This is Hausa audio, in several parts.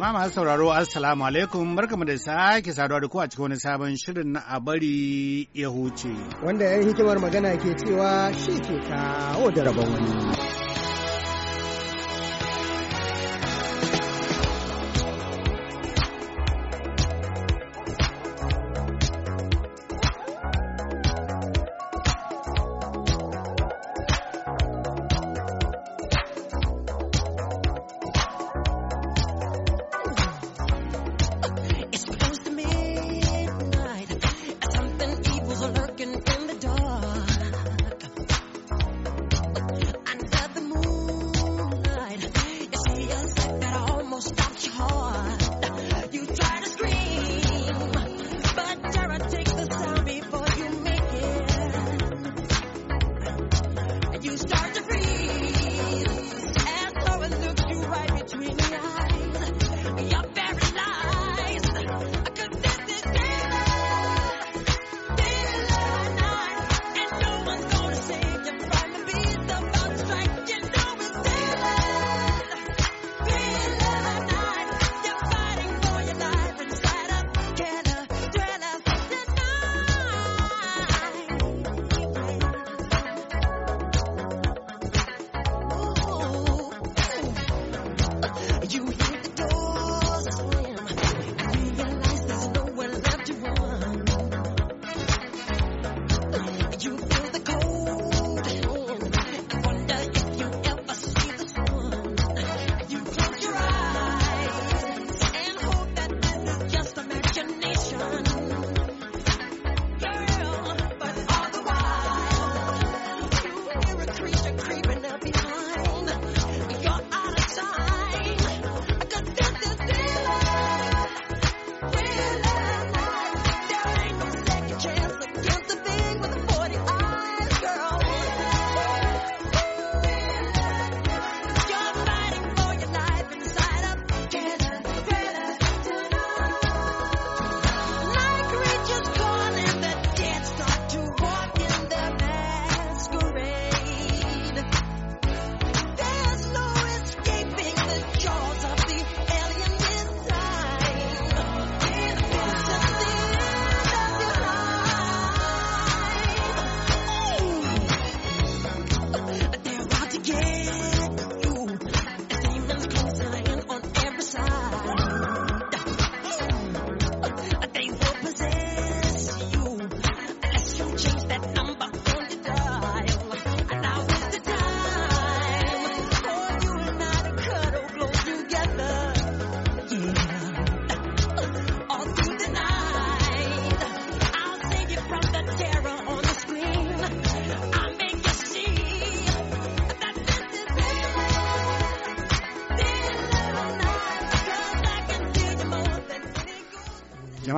Jama'a masu sauraro Assalamu alaikum barkamu da sake saduwa da ku a cikin wani sabon shirin na a bari ya huce. Wanda 'yan hikimar magana ke cewa shi ke kawo da rabon wani.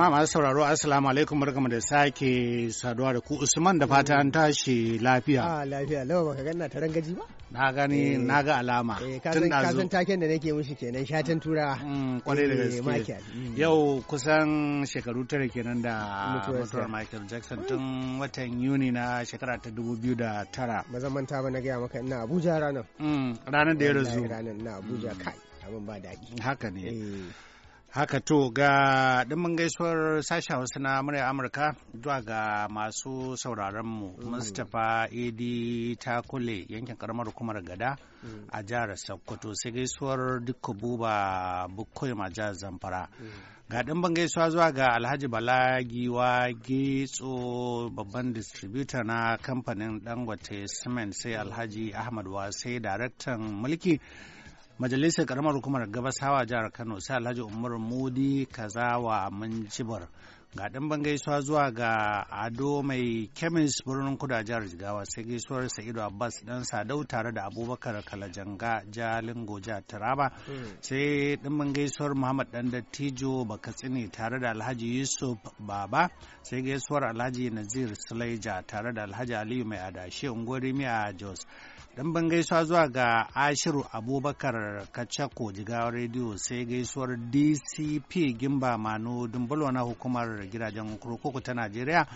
Jama'a masu sauraro Assalamu alaikum barkamu da sake saduwa da ku Usman da fata an tashi lafiya. Ah lafiya lawa baka ganna ta rangaji ba? Na gani eh. na ga alama. Eh, tun da zo. Kazan taken da nake mushi kenan shatin tura. Mm, kwarai da eh, gaske. Mm. Yau kusan shekaru tara kenan da mutuwar Michael Jackson tun watan Yuni na shekara ta dubu biyu da tara. Ba zan manta ba na gaya maka ina Abuja ranar. Mm, ranar da ya rasu. Ranar na Abuja kai abin ba daɗi. Haka ne. Haka to ga ɗimin gaisuwar sashen wasu na murya Amurka zuwa ga masu sauraronmu mm. Mustapha ta Takule yankin karamar hukumar Gada mm. a jihar Sokoto sai gaisuwar Dukku Buba Bukkoyi ma jihar Zamfara. Mm. Ga ɗimin gaisuwa zuwa ga Alhaji Bala Giwa Getso babban distributor na kamfanin Dangote Cement sai Alhaji Ahmad Wasai daraktan mulki. majalisar karamar hukumar gabasawa jihar kano sai alhaji umar mudi kazawa munjibar ga ɗan gaisuwa zuwa ga ado mai kemis birnin kuda jihar jigawa sai gaisuwar sa'idu abbas dan sadau tare da abubakar kalajanga jalin goja taraba hmm. sai ɗan gaisuwar muhammad dan dattijo bakatsini tare da alhaji yusuf baba sai gaisuwar alhaji nazir sulaija tare da alhaji aliyu mai adashe unguwar jos Don ban gaisuwa zuwa ga ashiru abubakar kachako jigawa rediyo sai gaisuwar dcp gimba mano dumbulo na hukumar gidajen kurkuku ta najeriya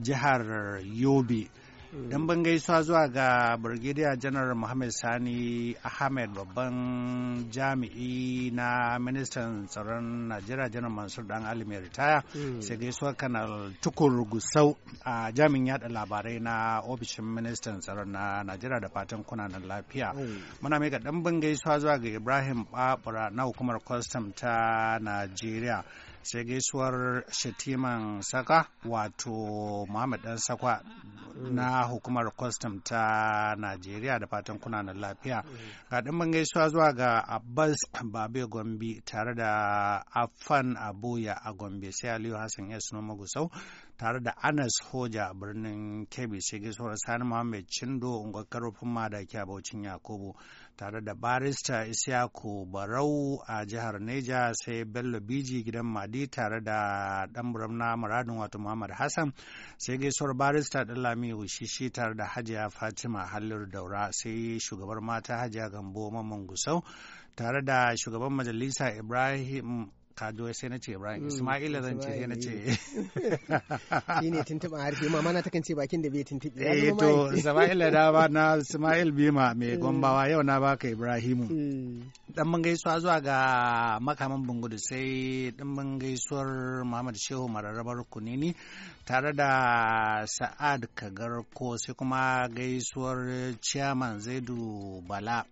jihar yobe dan ban gaisuwa zuwa ga brigadier general muhammad sani ahmed babban jami'i na ministan tsaron najeriya general mansur dan ali mai ritaya hmm. sai gaisuwa kanal tukur gusau a jami'in yada labarai na ofishin ministan tsaron na najeriya da fatan kunanan lafiya hmm. muna mai ga dan ban gaisuwa zuwa ga ibrahim babura na hukumar kwastam ta najeriya sai gaisuwar shatiman saka wato muhammad dan sakwa mm. na hukumar kwastam ta najeriya da fatan kuna na lafiya mm. ga dimbin gaisuwa zuwa ga abbas babe gombe tare da afan abuya a gombe sai aliyu hassan s noma gusau tare da Anas Hoja birnin Kebbi sai gaisuwar Sani Muhammad Chindo unguwar karfin madaki a Bauchin Yakubu tare da barista Isiyaku Barau a jihar Neja sai Bello Biji gidan Madi tare da dan na Muradun wato Muhammad Hassan sai gaisuwar barista lami shishi tare da Hajiya Fatima Halliru Daura sai shugabar mata Hajiya Gambo Mamman Gusau tare da shugaban majalisa Ibrahim kajo sai na ce Ibrahim mm, Ismaila zan ce sai na ce shi ne tuntuɓa harfi ma mana takan ce bakin da bai tuntuɓe eh to Ismaila da ba na Ismail Bima mai mm. gombawa yau na baka Ibrahimu mm. dan mun gaisuwa zuwa ga makaman Bungudu sai dan mun gaisuwar Muhammad Shehu Mararabar Kunini tare da Sa'ad Kagarko sai kuma gaisuwar Chairman Zaidu Bala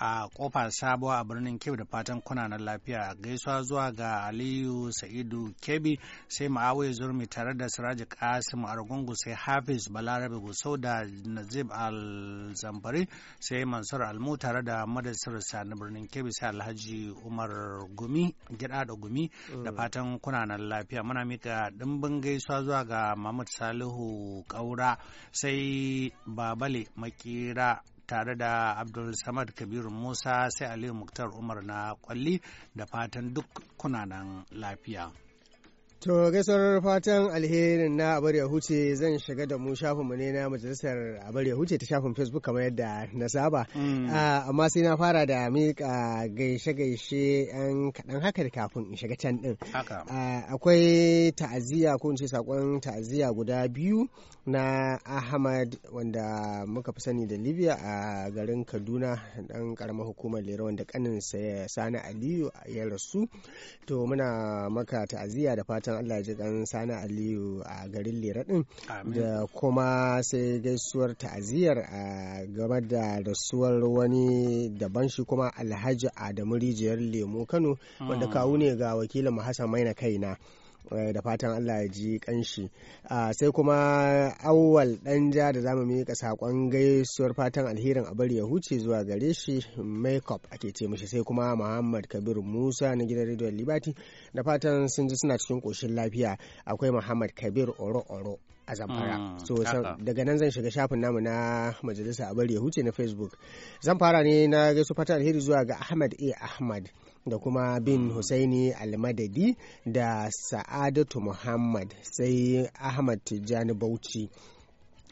a ƙofa sabuwa a birnin Kebbi da fatan kuna na lafiya gaisuwa zuwa ga Aliyu Sa'idu Kebbi sai ya Zurmi tare da Siraji Kasim Argungu sai Hafiz Balarabe Gusau da Nazib al zambari sai Mansur Almu tare da Madasir Sani birnin Kebbi sai Alhaji Umar Gumi gida da Gumi da fatan kuna na lafiya muna mika dimbin gaisuwa zuwa ga Mahmud Salihu Kaura sai Babale Makira tare da Abdul Samad Kabiru Musa sai Aliyu Muktar Umar na kwalli da fatan duk kunanan lafiya. To gaisuwar fatan alherin na abar ya huce zan shiga da mu shafinmu ne na majalisar abar ya huce ta shafin Facebook kamar yadda na saba. Mm. Ah, amma sai na fara da miƙa gaishe-gaishe yan kaɗan haka da kafin in shiga can ɗin. Ah, akwai ta'aziyya ko ce saƙon ta'aziyya guda biyu na Ahmad wanda muka fi sani da Libya a garin Kaduna ɗan ƙaramar hukumar Lera wanda ƙaninsa Sani Aliyu ya rasu. To muna maka ta'aziyya da fatan fatan Allah ji kan Sani Aliyu a garin Lera din da kuma sai gaisuwar ta'aziyar a game da rasuwar wani daban shi kuma Alhaji Adamu Rijiyar Lemo Kano wanda mm. kawu ne ga wakilin Hassan Maina kaina Eh, da fatan Allah ya ji kanshi ah, sai kuma awwal ja da zamu miƙa sakon gaisuwar fatan alherin a bari ya huce zuwa gare shi makeup ake ce mishi sai kuma Muhammad Kabir Musa na gidan Radio Liberty da fatan sun ji suna cikin koshin lafiya akwai Muhammad Kabir Oro Oro a zamfara mm, so daga nan zan shiga shafin namu na majalisa a bari ya huce na Facebook zan fara ne na gaisu fatan alheri zuwa ga Ahmad A Ahmad da kuma bin Husaini Almadadi da Sa'adatu Muhammad sai Ahmad Tijjani Bauchi.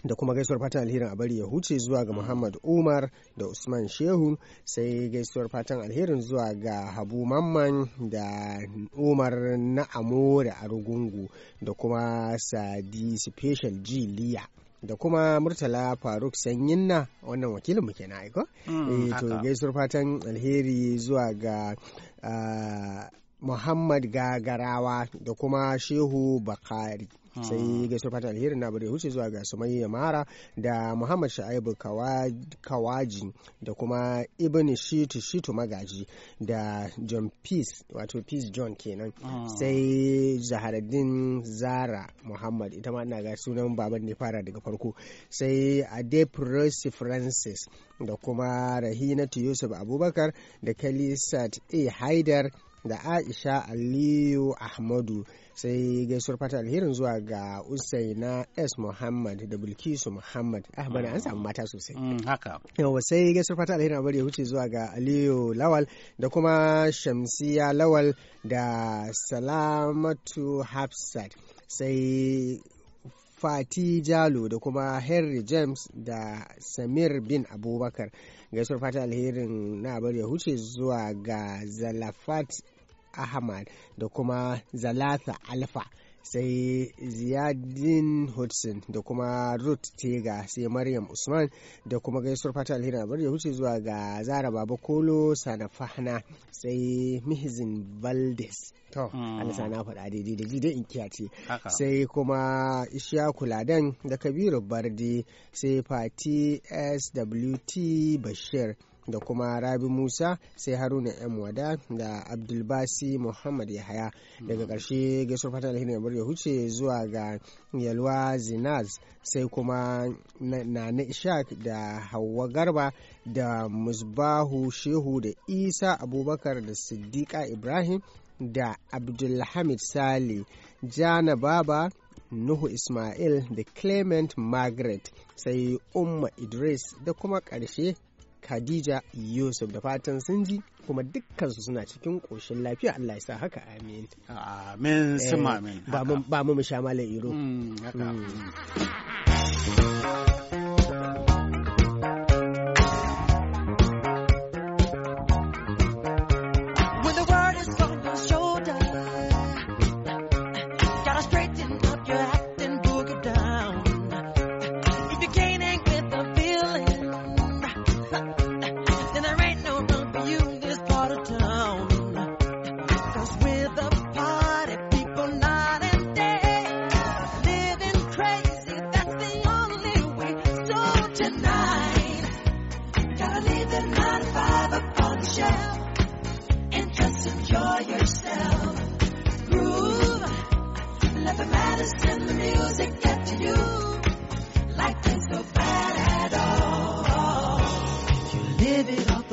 da kuma gaisuwar fatan alherin a bari ya huce zuwa ga Muhammad Umar da Usman Shehu sai gaisuwar fatan alherin zuwa ga Habu Mamman da Umar na Amore a Rugungu da kuma Sadi Special G da kuma murtala faruk sanyinna wannan wakilin muke na aiko mm, eh, to gaisuwar fatan alheri zuwa ga uh, muhammad gagarawa da kuma shehu bakari sai mm. gaisuwar fatan alherin na bari huce zuwa ga sumayya mara da muhammad sha'ibu kawaji da kuma ibn shitu shitu magaji da john peace wato peace john kenan mm. sai zaharaddin zara muhammad ita ma ina ga sunan baban ne fara daga farko sai adeprosi francis da kuma rahinatu yusuf abubakar da kalisat a haidar da aisha aliyu ahmadu sai gaisuwar fata alherin zuwa ga usaina s muhammad da bilkisu muhammad ah bana an samu mata sosai mm, haka yawa sai gaisuwar fata alherin abar ya huce zuwa ga aliyu lawal da kuma shamsiya lawal da salamatu hafsat sai fati jalo da kuma henry james da samir bin abubakar gaisuwar fata alherin na abar ya huce zuwa ga zalafat ahmad da kuma zalata alfa sai ziyadin hudson da kuma ruth tega sai maryam usman da kuma gaisuwar fata alheri abar ya huce zuwa ga zara baba kolo sanafahna sai mihzin valdes to hmm. alisa na faɗa daidai da gidan in kiyace sai kuma ishiya kuladan da kabiru bardi sai fati swt bashir da kuma rabi musa sai haruna yan wada da abdulbasi muhammad yahaya daga mm. ƙarshe gaisuwar fatan alheri ya ya huce zuwa ga yalwa zinaz sai kuma nana ishaq da hawa garba da musbahu shehu da isa abubakar da siddiqa ibrahim da abdulhamid sali jana baba Nuhu Ismail da Clement Margaret sai Umma Idris da kuma ƙarshe Khadija Yusuf da fatan sun ji kuma dukkan su suna cikin koshin lafiya Allah ya sa haka amin. Amin sun amin. Eh, ba mu sha malam iro. Mm, mm.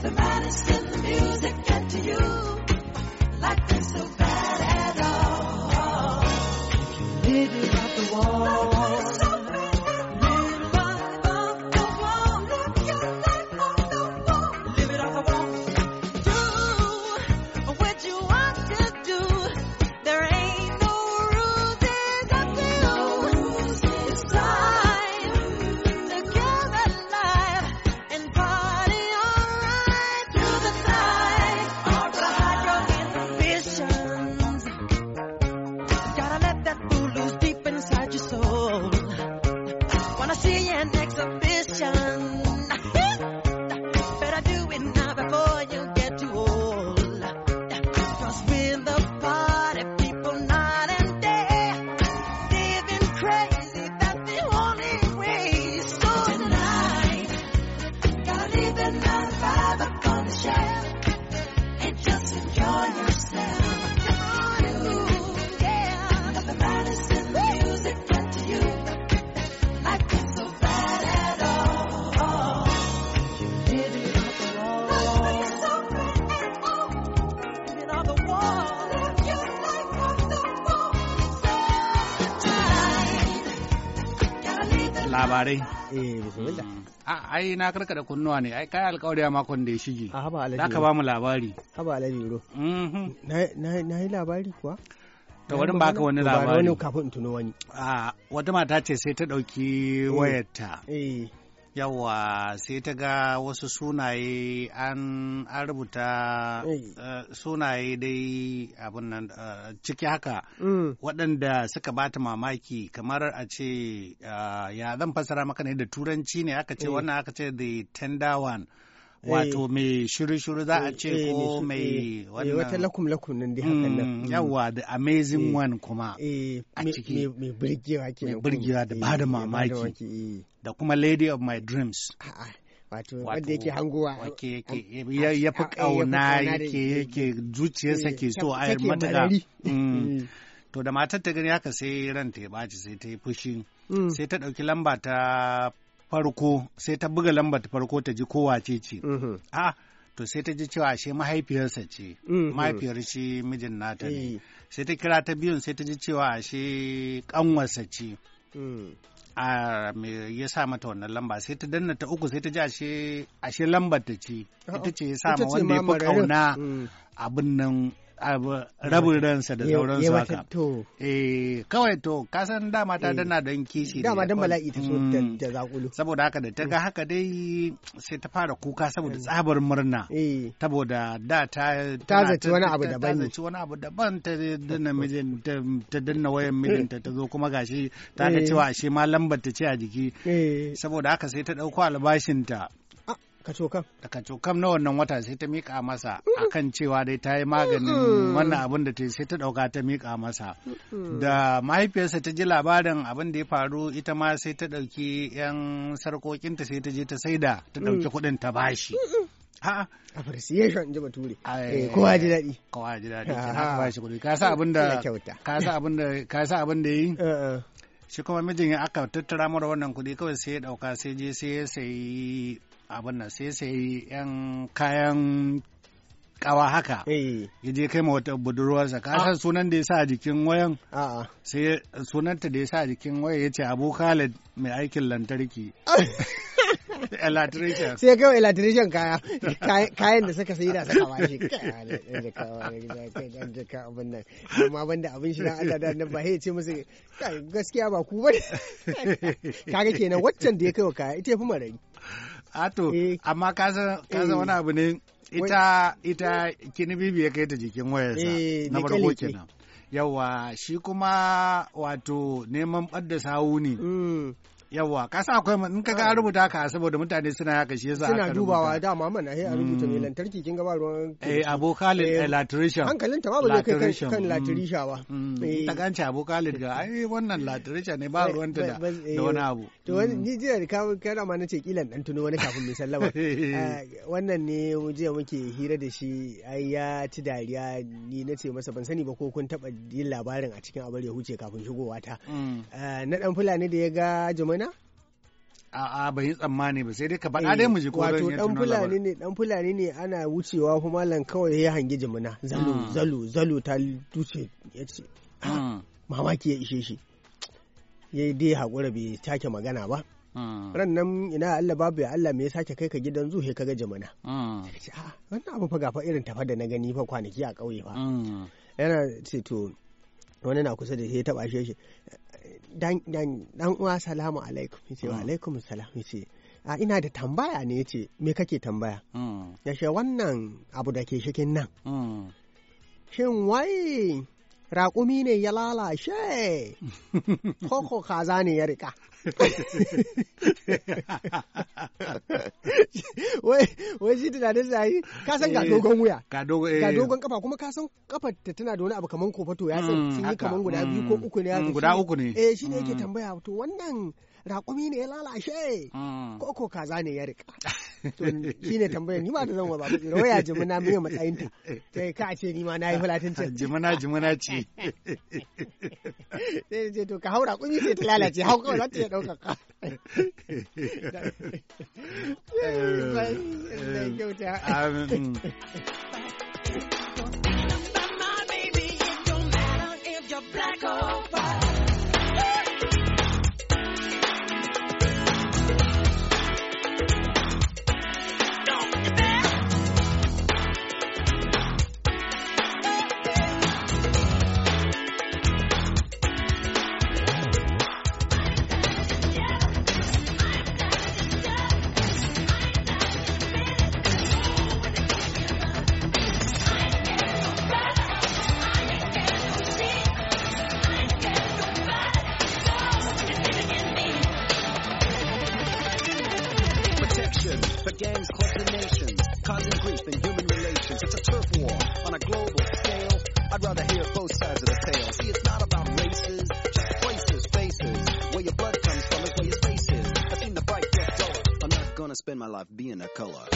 The Everybody's in the music, get to you. like is so bad. labarai. Eh, bismillah. Mm. A ai na karkada kunnuwa ne, ai kai alƙawari a makon da ya shige. A haba alaji. Zaka ba mu labari. Haba alaji ro. Mm-hmm. Na yi labari kuwa? Ta wani ba ka wani labari. Wani kafin tuno wani. A wata mata ce sai ta ɗauki eh. wayarta. Eh. yawa sai ta ga wasu sunaye an rubuta eh, sunaye dai abin nan eh, ciki haka mm. waɗanda suka bata mamaki kamar a ce eh, ya zan fassara maka ne da turanci ne aka ce wannan aka ce the tender one wato mai shiru-shiru za a ce ko mai wannan wata lakum lakum nan dai hakan nan mm, mm. yawa the amazing one kuma a ciki mai burgewa ke mai burgewa da bada mamaki da kuma lady of my dreams wato wanda yake ya fi kauna eh, yake yake zuciyarsa ke so a matuka mm. mm. to da matar ta gani haka sai ranta ya baci sai ta yi fushi mm. sai ta ɗauki lamba ta farko sai ta buga lamba ta farko ta ji kowace ce mm-hmm. a to sai ta ji cewa ashe mahaifiyarsa ce mm-hmm. mahaifiyar shi mijin nata ne eh. sai ta kira ta biyun sai ta ji cewa ashe ƙanwarsa ce a me ya sa mata wannan lamba sai ta danna ta uku sai ta ji ashe ashe lambar ta ce oh, ita ce ya sa ma wanda ya fi kauna mm. abin nan rabin ransa da sauran su haka. Eh kawai to kasan dama ta eh, dana don kishi dama don bala'i ta so da mm. zakulu. Saboda haka da ta ga mm. haka dai sai ta fara kuka saboda eh. tsabar murna. Eh. Saboda da ta ta zaci wani abu daban. Ta zaci wani abu daban ta danna mijin ta danna wayan mijinta ta zo kuma gashi ta ga cewa ashe ma lambar ta ce a jiki. Saboda haka sai ta dauko albashinta Dakacokam. Dakacokam na wannan wata sai ta miƙa masa mm. akan cewa dai ta yi maganin mm. wannan abin da ta sai ta ɗauka ta miƙa masa. Mm. Da mahaifiyarsa ta ji labarin abin da ya faru ita ma sai ta ɗauki 'yan sarƙoƙinta sai ta je ta saida ta ɗauki kuɗin ta bashi. Ha Appreciation in ji bature. Eh, kowa ji daɗi. Kowa ji daɗi. Ha ba shi kuɗi. Ka sa abin da. Ka sa abin da ka sa abin da yi. Shi kuma mijin ya aka tattara mura wannan kuɗi kawai sai ya ɗauka sai je sai ya sayi abin nan sai sai yan kayan kawa haka eh. ya je kai ma wata budurwarsa ka san ah. sunan da ya sa a jikin wayan sai sunanta da ya sa a jikin wayan ya ce abu khalid mai aikin lantarki electrician sai kawai electrician kaya kayan da suka sayi da suka shi kayan ka abin nan amma banda abin shi na Allah da nan ba ya ce musu gaskiya ba ku ba kaga kenan waccan da ya kai wa kaya ita ya fi marari Ato, eh, amma ka san eh. wani abu ne ita ita kini bibi ya kai ta jikin wayarsa eh, na farko kenan. Yawa shi kuma wato neman ɓadda sawu ne. Mm. Yawwa kasa akwai in ka ga an ah. rubuta haka saboda mutane suna haka shi yasa suna dubawa dama mana ai eh, a mm. rubuta mai lantarki kin ga ba ruwan eh abokalin eh, eh, latrisha hankalin ta ba ba kai kan latrisha mm. ba mm. ta ganci abokalin ga ai wannan latrisha ne ba ruwan ta da wani abu to ni jiya ka kana ma nace kilan dan tuno wani kafin mai sallama wannan ne jiya muke hira da shi ai ya ci dariya ni nace masa ban sani ba ko kun taba yin labarin a cikin abar ya huce kafin shigowa ta na dan fulani da ya ga jama'a A'a ba yi tsammani ba sai dai ka baɗa eh, dai mu ji ko Wato dan fulani ne dan fulani ne ana wucewa kuma malam kawai ya hangi jimina zalo hmm. zalo zalo ta duce ya ce ah, hmm. mamaki ya ishe shi ya dai haƙura bai take magana ba. Hmm. ran nan ina Allah babu ya Allah me ya sake kai ka gidan zu he kaga jimina a ah, wannan abu fa gafa irin tafa da na gani fa kwanaki a ƙauye fa yana ce to wani na kusa da shi ya taba shi dan uwa salamu alaikum ya ce wa mm. alaikum salam ya ce a ina da tambaya ne ya ce me kake tambaya mm. ya ce wannan abu da ke shikin nan mm. shin wai raƙumi ne ya lalashe koko kaza ne ya rika wai shi tunanin da yi ka san ga eh, dogon wuya ga eh. dogon kafa kuma ka san kafar ta tana da wani abu kamar kofato ya san mm, sun yi kaman guda biyu ko mm. uku ne mm, guda uku ne eh shine yake tambaya to wannan raƙumi ne ya lalashe? Hmm. ko ko kaza ne ya rika shi ne tambayar ni ma da zan wa babu tsira waya jimina mai matsayin ta sai ka ce ni ma na yi fulatanci jimina jimina ce sai ce to ka hau raƙumi sai ta lalace hau kawai za ta iya ɗaukar ka Amin. color.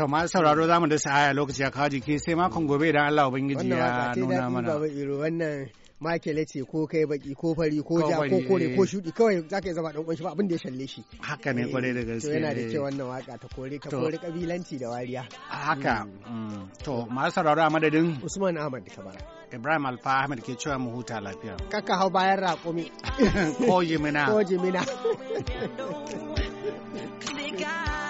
To ma sauraro zamu da sa'aya lokaci ya kawo jiki sai makon gobe idan Allah ubangiji ya nuna mana. Wannan makele ce ko kai baki ko fari ko ja ko kore ko eh. shudi kawai za yi zama dan kunshi ba abin da ya shalle shi haka ne kwarai da gaske to yana da kyau wannan waka ta kore ka kore kabilanci da wariya haka mm. Mm. to ma sauraro a madadin Usman Ahmad Kabara Ibrahim Alfa Ahmed ke cewa mu huta lafiya kaka hau bayan raƙumi ko jimina ko jimina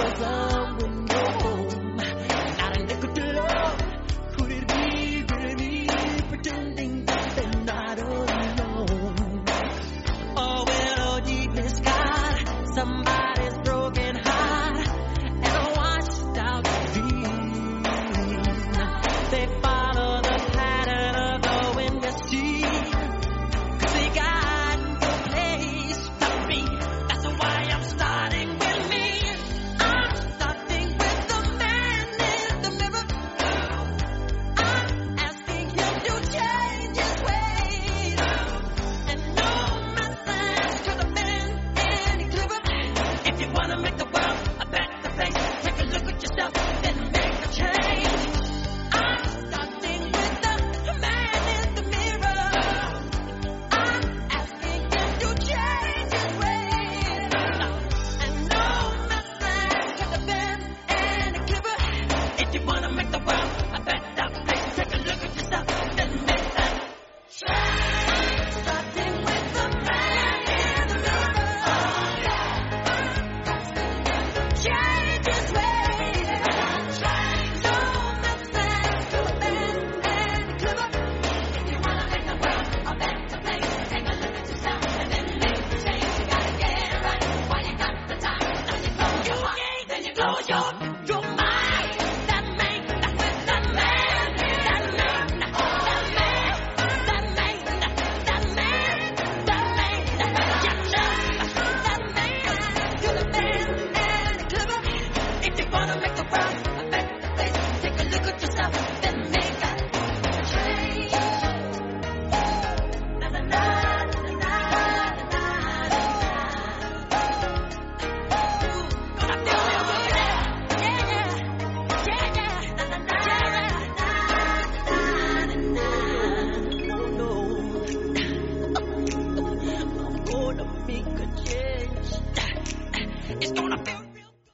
Love. up.